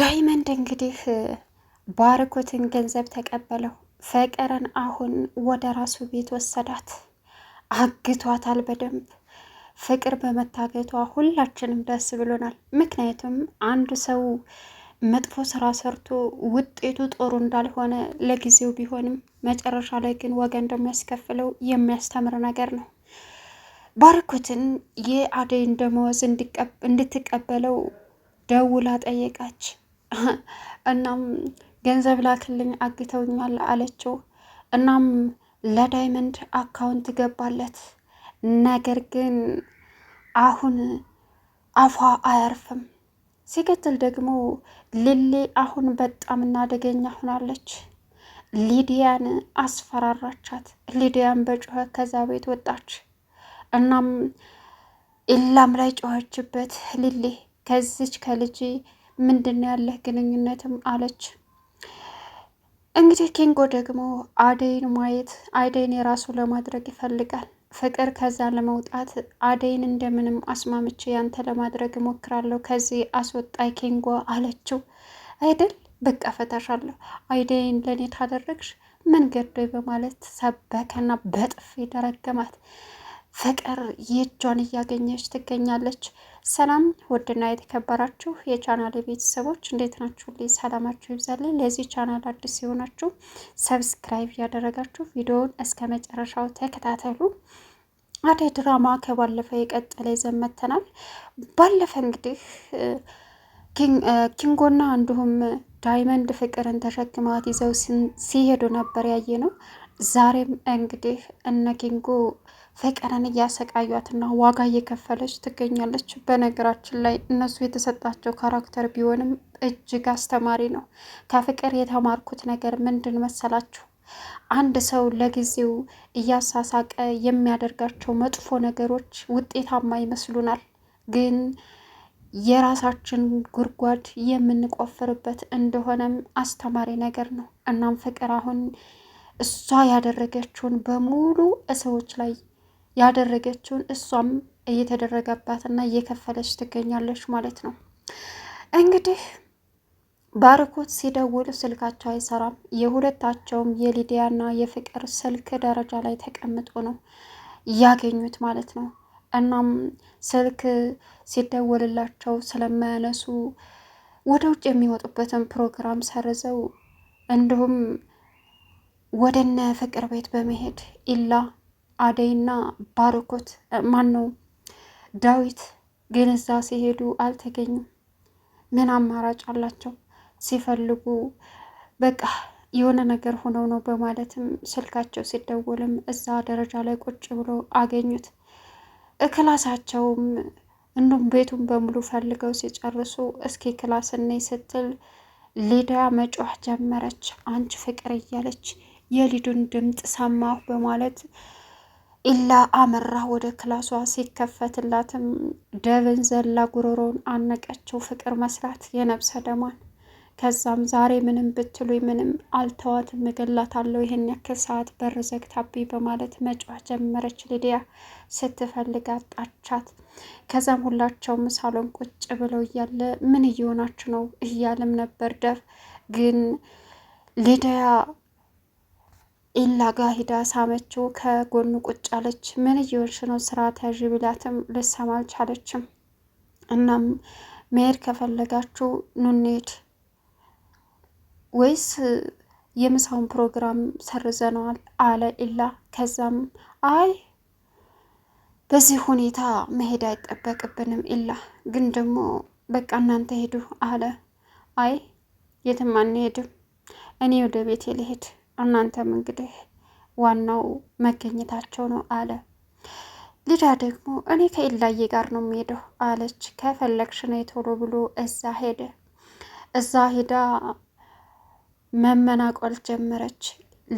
ዳይመንድ እንግዲህ ባርኮትን ገንዘብ ተቀበለው። ፍቅርን አሁን ወደ ራሱ ቤት ወሰዳት፣ አግቷታል በደንብ ፍቅር በመታገቷ ሁላችንም ደስ ብሎናል። ምክንያቱም አንድ ሰው መጥፎ ስራ ሰርቶ ውጤቱ ጥሩ እንዳልሆነ ለጊዜው ቢሆንም መጨረሻ ላይ ግን ዋጋ እንደሚያስከፍለው የሚያስተምር ነገር ነው። ባርኮትን የአደይን ደመወዝ እንድትቀበለው ደውላ ጠየቃች። እናም ገንዘብ ላክልኝ አግተውኛል አለችው። እናም ለዳይመንድ አካውንት ገባለት። ነገር ግን አሁን አፏ አያርፍም። ሲቀጥል ደግሞ ሊሊ አሁን በጣም እናደገኛ ሆናለች። ሊዲያን አስፈራራቻት። ሊዲያን በጩኸት ከዛ ቤት ወጣች። እናም ኢላም ላይ ጮኸችበት። ሊሊ ከዚች ከልጅ ምንድን ነው ያለህ ግንኙነትም አለች። እንግዲህ ኪንጎ ደግሞ አደይን ማየት አደይን የራሱ ለማድረግ ይፈልጋል። ፍቅር ከዛ ለመውጣት አደይን እንደምንም አስማምቼ ያንተ ለማድረግ እሞክራለሁ፣ ከዚህ አስወጣይ ኪንጎ አለችው። አይደል በቃ ፈታሻለሁ፣ አደይን ለእኔ ታደረግሽ መንገድ በማለት ሰበከና በጥፊ ደረገማት። ፍቅር የእጇን እያገኘች ትገኛለች። ሰላም ውድና የተከበራችሁ የቻናል ቤተሰቦች እንዴት ናችሁ? ልይ ሰላማችሁ ይብዛልኝ። ለዚህ ቻናል አዲስ የሆናችሁ ሰብስክራይብ እያደረጋችሁ ቪዲዮውን እስከ መጨረሻው ተከታተሉ። አደይ ድራማ ከባለፈው የቀጠለ ይዘን ባለፈ እንግዲህ ኪንጎና እንዲሁም ዳይመንድ ፍቅርን ተሸክመት ይዘው ሲሄዱ ነበር ያየ ነው። ዛሬም እንግዲህ እነ ኪንጉ ፍቅርን እያሰቃያትና ዋጋ እየከፈለች ትገኛለች። በነገራችን ላይ እነሱ የተሰጣቸው ካራክተር ቢሆንም እጅግ አስተማሪ ነው። ከፍቅር የተማርኩት ነገር ምንድን መሰላችሁ? አንድ ሰው ለጊዜው እያሳሳቀ የሚያደርጋቸው መጥፎ ነገሮች ውጤታማ ይመስሉናል ግን የራሳችን ጉድጓድ የምንቆፍርበት እንደሆነም አስተማሪ ነገር ነው። እናም ፍቅር አሁን እሷ ያደረገችውን በሙሉ ሰዎች ላይ ያደረገችውን እሷም እየተደረገባትና እየከፈለች ትገኛለች ማለት ነው። እንግዲህ ባርኮት ሲደውሉ ስልካቸው አይሰራም። የሁለታቸውም የሊዲያና የፍቅር ስልክ ደረጃ ላይ ተቀምጦ ነው ያገኙት ማለት ነው። እናም ስልክ ሲደወልላቸው ስለማያነሱ ወደ ውጭ የሚወጡበትን ፕሮግራም ሰርዘው እንዲሁም ወደነ ፍቅር ቤት በመሄድ ኢላ አደይና ባርኮት ማን ነው ዳዊት ግን እዛ ሲሄዱ አልተገኙም። ምን አማራጭ አላቸው? ሲፈልጉ በቃ የሆነ ነገር ሆነው ነው በማለትም ስልካቸው ሲደወልም እዛ ደረጃ ላይ ቁጭ ብሎ አገኙት። ክላሳቸውም እንዲሁም ቤቱን በሙሉ ፈልገው ሲጨርሱ እስኪ ክላስ እኔ ስትል ሊዳ መጮህ ጀመረች። አንቺ ፍቅር እያለች የሊዱን ድምፅ ሰማሁ በማለት ኢላ አመራ ወደ ክላሷ። ሲከፈትላትም ደብን ዘላ ጉሮሮን አነቀችው፣ ፍቅር መስራት የነብሰ ደሟን። ከዛም ዛሬ ምንም ብትሉ ምንም አልተዋትም፣ እገላታለሁ ይህን ያክል ሰዓት በር ዘግታብኝ በማለት መጮህ ጀመረች። ሊዲያ ስትፈልግ አጣቻት። ከዛም ሁላቸውም ሳሎን ቁጭ ብለው እያለ ምን እየሆናችሁ ነው እያለም ነበር ደፍ ግን ሊዲያ ኢላ ጋ ሂዳ ሳመችው። ከጎኑ ቁጭ አለች። ምን እየወልሽ ነው? ስራ ተያዥ ቢላትም ልሰማ አልቻለችም። እናም መሄድ ከፈለጋችሁ ኑ ወይስ የምሳውን ፕሮግራም ሰርዘነዋል አለ ኢላ። ከዛም አይ በዚህ ሁኔታ መሄድ አይጠበቅብንም ኢላ፣ ግን ደግሞ በቃ እናንተ ሄዱ አለ። አይ የትም አንሄድም፣ እኔ ወደ ቤቴ ልሄድ እናንተም እንግዲህ ዋናው መገኘታቸው ነው አለ። ልዳ ደግሞ እኔ ከኢላዬ ጋር ነው የምሄደው አለች። ከፈለግሽ ነይ ቶሎ ብሎ እዛ ሄደ። እዛ ሄዳ መመናቆል ጀመረች።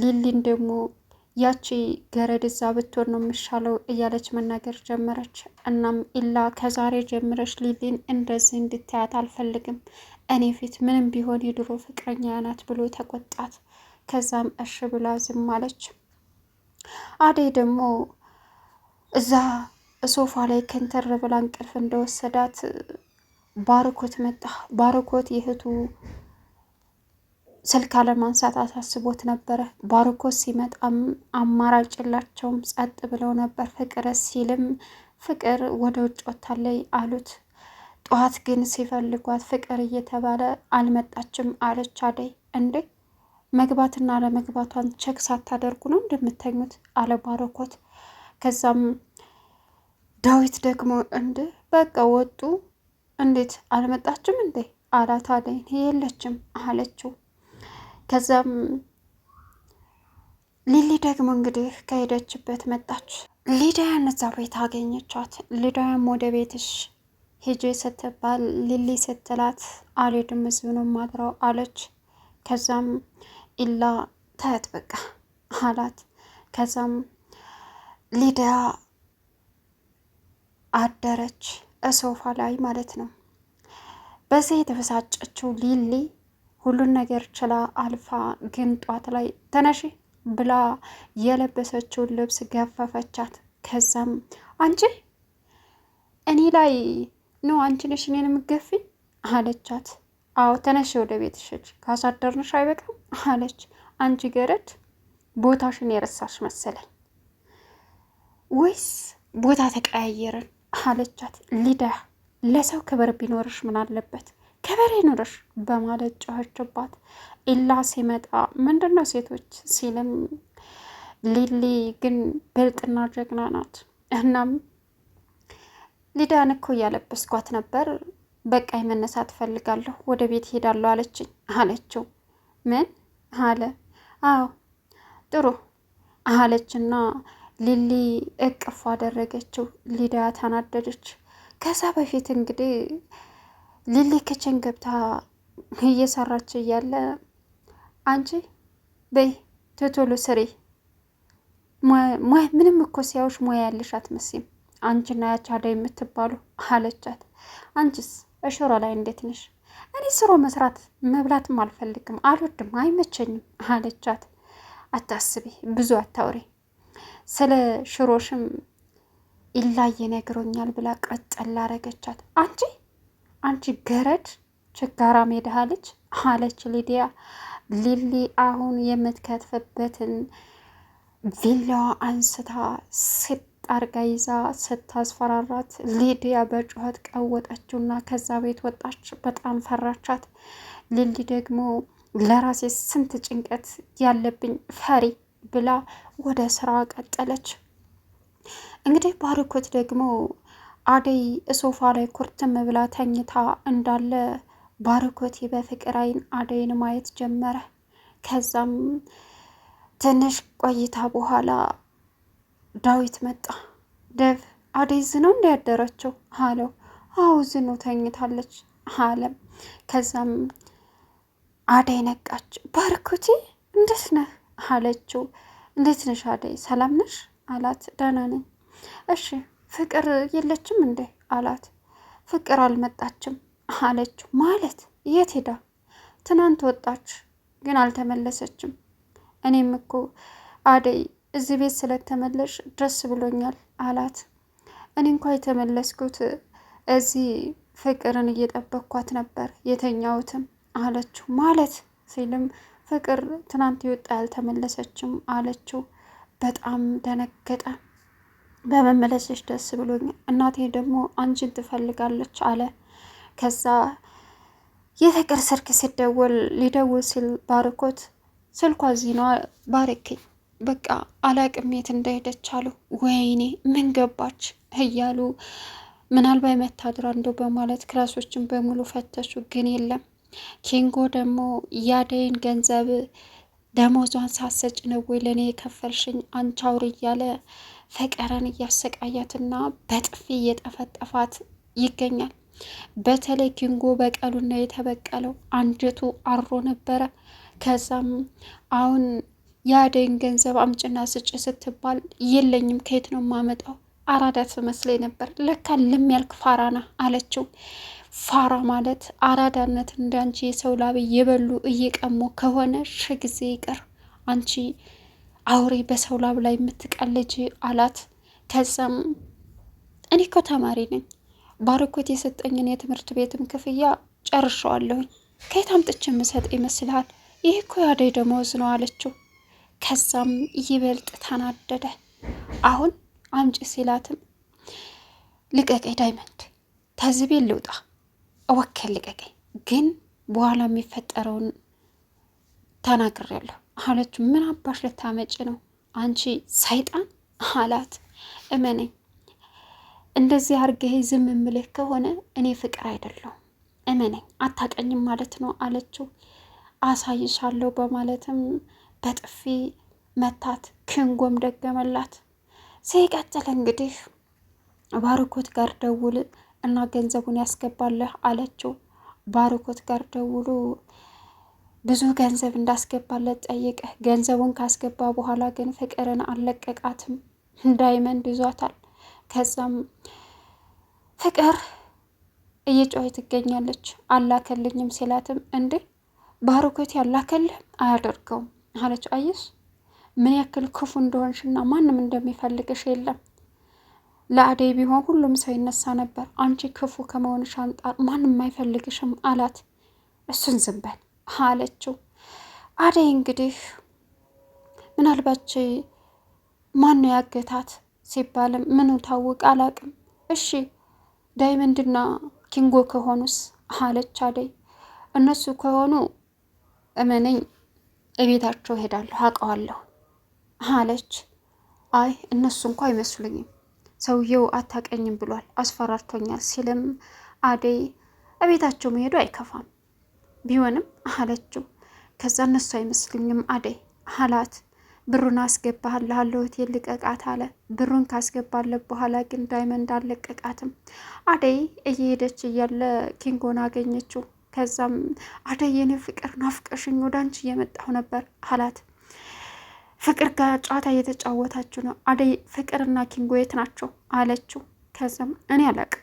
ሊሊን ደግሞ ያቺ ገረድ እዛ ብትሆን ነው የሚሻለው እያለች መናገር ጀመረች። እናም ኢላ ከዛሬ ጀምረች ሊሊን እንደዚህ እንድታያት አልፈልግም፣ እኔ ፊት ምንም ቢሆን የድሮ ፍቅረኛ ናት ብሎ ተቆጣት። ከዛም እሽ ብላ ዝም አለች። አደይ ደግሞ እዛ ሶፋ ላይ ከንተር ብላ እንቅልፍ እንደወሰዳት ባርኮት መጣ። ባርኮት የእህቱ ስልክ አለማንሳት አሳስቦት ነበረ። ባርኮት ሲመጣም አማራጭ የላቸውም፣ ጸጥ ብለው ነበር። ፍቅር ሲልም ፍቅር ወደ ውጭ ወታለይ አሉት። ጠዋት ግን ሲፈልጓት ፍቅር እየተባለ አልመጣችም አለች አደይ እንዴ መግባትና ለመግባቷን ቸክ ሳታደርጉ ነው እንደምተኙት አለባረኮት። ከዛም ዳዊት ደግሞ እንደ በቃ ወጡ። እንዴት አልመጣችም እንዴ አላት አደይን። የለችም አለችው። ከዛም ሊሊ ደግሞ እንግዲህ ከሄደችበት መጣች። ሊዳያን እዛ ቤት አገኘቻት። ሊዳያም ወደ ቤትሽ ሂጂ ስትባል ሊሊ ስትላት አልሄድም እዚሁ ነው ማድረው አለች። ከዛም ኢላ ታያት በቃ አላት። ከዛም ሊዲያ አደረች እሶፋ ላይ ማለት ነው። በዚህ የተበሳጨችው ሊሊ ሁሉን ነገር ችላ አልፋ ግን ጧት ላይ ተነሺ ብላ የለበሰችውን ልብስ ገፈፈቻት። ከዛም አንቺ እኔ ላይ ኖ አንቺ ነሽ እኔን የምገፊ አለቻት። አዎ ተነሽ ወደ ቤትሽ፣ ካሳደርንሽ አይበቃም አለች። አንቺ ገረድ ቦታሽን የረሳሽ መሰለኝ ወይስ ቦታ ተቀያየርን አለቻት። ሊዳ ለሰው ክብር ቢኖርሽ ምን አለበት ከበሬ ይኖርሽ በማለት ጮኸችባት። ኢላ ሲመጣ ምንድን ነው ሴቶች ሲልም ሊሊ ግን ብልጥና ጀግና ናት። እናም ሊዳን እኮ እያለበስኳት ነበር። በቃ መነሳት እፈልጋለሁ ወደ ቤት ሄዳለሁ አለችኝ አለችው ምን አለ? አዎ ጥሩ አለችና ሊሊ እቅፍ አደረገችው። ሊዳ ተናደደች። ከዛ በፊት እንግዲህ ሊሊ ክችን ገብታ እየሰራች እያለ አንቺ በይ ትቶሎ ስሪ፣ ምንም እኮ ሲያዎች ሙያ ያለሽ አትመስይም አንቺና ያች አደይ የምትባሉ አለቻት። አንቺስ እሽሮ ላይ እንዴት ነሽ? እኔ ስሮ መስራት መብላትም አልፈልግም፣ አልወድም፣ አይመቸኝም አለቻት። አታስቢ፣ ብዙ አታውሪ፣ ስለ ሽሮሽም ኢላዬ ነግሮኛል ብላ ቀጠል አረገቻት። አንቺ አንቺ ገረድ ችጋራ ሜዳሃ ልጅ አለች ሊዲያ። ሊሊ አሁን የምትከትፍበትን ቪላዋ አንስታ ጣርጋ ይዛ ስታስፈራራት ሊዲያ በጩኸት ቀወጠችው እና ከዛ ቤት ወጣች። በጣም ፈራቻት። ሊሊ ደግሞ ለራሴ ስንት ጭንቀት ያለብኝ ፈሪ ብላ ወደ ስራ ቀጠለች። እንግዲህ ባርኮት ደግሞ አደይ ሶፋ ላይ ኩርትም ብላ ተኝታ እንዳለ ባርኮቴ በፍቅር አይን አደይን ማየት ጀመረ። ከዛም ትንሽ ቆይታ በኋላ ዳዊት መጣ። ደቭ አደይ ዝነው እንዳያደረችው አለው። አዎ ዝኖ ተኝታለች አለም። ከዛም አደይ ነቃች። ባርኮቴ እንዴት ነህ አለችው። እንዴት ነሽ አደይ ሰላም ነሽ አላት። ደህና ነኝ። እሺ ፍቅር የለችም እንዴ አላት። ፍቅር አልመጣችም አለችው። ማለት የት ሄዳ? ትናንት ወጣች ግን አልተመለሰችም። እኔም እኮ አደይ እዚህ ቤት ስለተመለሽ ደስ ብሎኛል አላት። እኔ እንኳ የተመለስኩት እዚህ ፍቅርን እየጠበቅኳት ነበር የተኛሁትም አለችው። ማለት ሲልም ፍቅር ትናንት ይወጣ ያልተመለሰችም አለችው። በጣም ደነገጠ። በመመለሰች ደስ ብሎኛል፣ እናቴ ደግሞ አንቺን ትፈልጋለች አለ። ከዛ የፍቅር ስልክ ሲደወል ሊደውል ሲል ባርኮት ስልኳ ዚኗ ባረክኝ በቃ አላቅም የት እንደሄደች አሉ። ወይኔ ምን ገባች እያሉ ምናልባት መታደር አንዱ በማለት ክላሶችን በሙሉ ፈተሹ፣ ግን የለም። ኪንጎ ደግሞ ያደይን ገንዘብ ደሞዟን ሳሰጭ ነው ወይ ለእኔ የከፈልሽኝ አንቺ አውሪ እያለ ፈቀረን እያሰቃያትና በጥፊ እየጠፈጠፋት ይገኛል። በተለይ ኪንጎ በቀሉና የተበቀለው አንጀቱ አሮ ነበረ። ከዛም አሁን የአደይን ገንዘብ አምጭና ስጭ ስትባል የለኝም ከየት ነው የማመጣው አራዳ ትመስለኝ ነበር ለካ ለሚያልክ ፋራና አለችው። ፋራ ማለት አራዳነት እንዳንቺ የሰው ላብ እየበሉ እየቀሙ ከሆነ ሽ ጊዜ ይቅር አንቺ አውሬ በሰው ላብ ላይ የምትቀልጅ አላት። ከዛም እኔ እኮ ተማሪ ነኝ ባርኮት የሰጠኝን የትምህርት ቤትም ክፍያ ጨርሸዋለሁኝ ከየት አምጥቼ የምሰጥ ይመስልሃል? ይህ እኮ የአደይ ደመወዝ ነው አለችው። ከዛም ይበልጥ ተናደደ። አሁን አምጪ ሲላትም ልቀቀኝ ዳይመንድ፣ ተዝቤ ልውጣ እወከል ልቀቀኝ፣ ግን በኋላ የሚፈጠረውን ተናግሬያለሁ አለች። ምን አባሽ ልታመጭ ነው አንቺ ሰይጣን አላት። እመነኝ እንደዚህ አርገህ ዝም ምልህ ከሆነ እኔ ፍቅር አይደለሁም። እመነኝ አታቀኝም ማለት ነው አለችው። አሳይሻለሁ በማለትም በጥፊ መታት፣ ክንጎም ደገመላት። ሲቀጥል እንግዲህ ባርኮት ጋር ደውል እና ገንዘቡን ያስገባለህ አለችው። ባርኮት ጋር ደውሎ ብዙ ገንዘብ እንዳስገባለት ጠይቀህ ገንዘቡን ካስገባ በኋላ ግን ፍቅርን አልለቀቃትም፣ ዳይመንድ ይዟታል። ከዛም ፍቅር እየጮኸች ትገኛለች። አላከልኝም ሲላትም እንዴ ባርኮት ያላከልህ አያደርገውም አለች። አየሽ ምን ያክል ክፉ እንደሆንሽና ማንም እንደሚፈልግሽ የለም። ለአደይ ቢሆን ሁሉም ሰው ይነሳ ነበር። አንቺ ክፉ ከመሆንሽ አንጣር ማንም አይፈልግሽም አላት። እሱን ዝም በል አለችው። አደይ እንግዲህ ምናልባች ማን ያገታት ሲባልም ምኑ ታውቅ አላቅም። እሺ ዳይመንድና ኪንጎ ከሆኑስ አለች አደይ። እነሱ ከሆኑ እመነኝ እቤታቸው ሄዳለሁ አውቀዋለሁ አለች። አይ እነሱ እንኳ አይመስሉኝም፣ ሰውየው አታቀኝም ብሏል፣ አስፈራርቶኛል ሲልም አደይ እቤታቸው መሄዱ አይከፋም ቢሆንም አለችው። ከዛ እነሱ አይመስሉኝም አደይ አላት። ብሩን አስገባሃለሁ ሆቴል ልቀቃት አለ። ብሩን ካስገባለት በኋላ ግን ዳይመንድ አለቀቃትም። አደይ እየሄደች እያለ ኪንጎን አገኘችው። ከዛም አደይ የኔ ፍቅር ናፍቀሽኝ ወደ አንቺ እየመጣሁ ነበር አላት። ፍቅር ጋር ጨዋታ እየተጫወታችሁ ነው አደይ። ፍቅርና ኪንጎ የት ናቸው አለችው። ከዛም እኔ አላቅም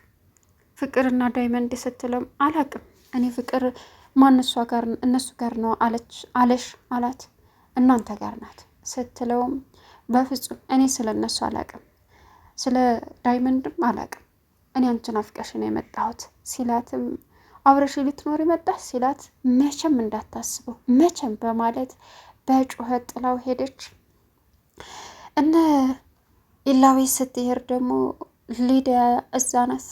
ፍቅርና ዳይመንድ ስትለም አላቅም እኔ ፍቅር ማንሷ ጋር እነሱ ጋር ነው አለች አለሽ አላት። እናንተ ጋር ናት ስትለውም በፍጹም እኔ ስለ እነሱ አላቅም ስለ ዳይመንድም አላቅም እኔ አንቺን አፍቀሽ ነው የመጣሁት ሲላትም አብረሽ ልትኖር የመጣች ሲላት መቼም እንዳታስበው መቼም በማለት በጩኸት ጥላው ሄደች። እነ ኢላዊ ስትሄድ ደግሞ ሊዲያ እዛ ናት።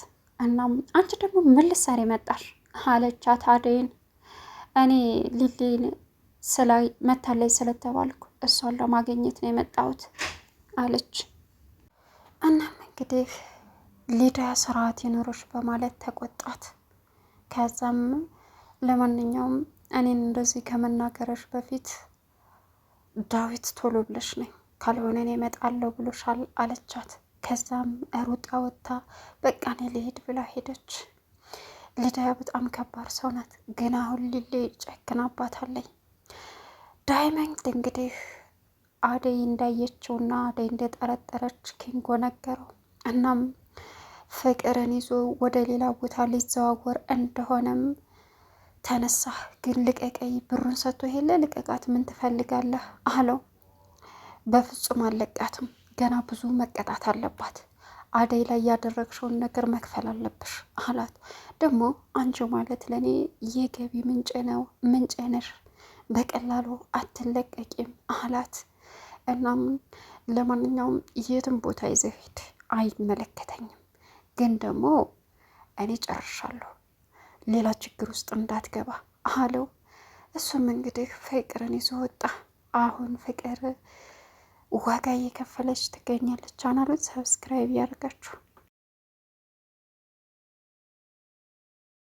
እናም አንቺ ደግሞ መልሳሪ መጣሽ አለቻት አደይን። እኔ ሊሊን ስላይ መታለይ ስለተባልኩ እሷን ለማግኘት ነው የመጣሁት አለች። እናም እንግዲህ ሊዲያ ስርዓት ይኖሮች በማለት ተቆጣት። ከዛም ለማንኛውም እኔን እንደዚህ ከመናገረሽ በፊት ዳዊት ቶሎ ብለሽ ነኝ ካልሆነ እኔ እመጣለሁ ብሎሻል አለቻት። ከዛም ሩጣ ወጥታ በቃ እኔ ልሄድ ብላ ሄደች። ልዳያ በጣም ከባድ ሰው ናት፣ ግን አሁን ሊሌ አባታለኝ ዳይመንድ እንግዲህ አደይ እንዳየችውና አደይ እንደጠረጠረች ኪንጎ ነገረው። እናም ፍቅርን ይዞ ወደ ሌላ ቦታ ሊዘዋወር እንደሆነም ተነሳ። ግን ልቀቀይ፣ ብሩን ሰጥቶ ሄለ ልቀቃት፣ ምን ትፈልጋለህ አለው። በፍጹም አለቃትም፣ ገና ብዙ መቀጣት አለባት። አደይ ላይ ያደረግሽውን ነገር መክፈል አለብሽ አላት። ደግሞ አንቺ ማለት ለእኔ የገቢ ምንጭ ነው ምንጭ ነሽ፣ በቀላሉ አትለቀቂም አላት። እናም ለማንኛውም የትም ቦታ ይዘህ ሂድ፣ አይመለከተኝም ግን ደግሞ እኔ ጨርሻለሁ፣ ሌላ ችግር ውስጥ እንዳትገባ አለው። እሱም እንግዲህ ፍቅርን ይዞ ወጣ። አሁን ፍቅር ዋጋ እየከፈለች ትገኛለች። ቻናሉን ሰብስክራይብ ያደርጋችሁ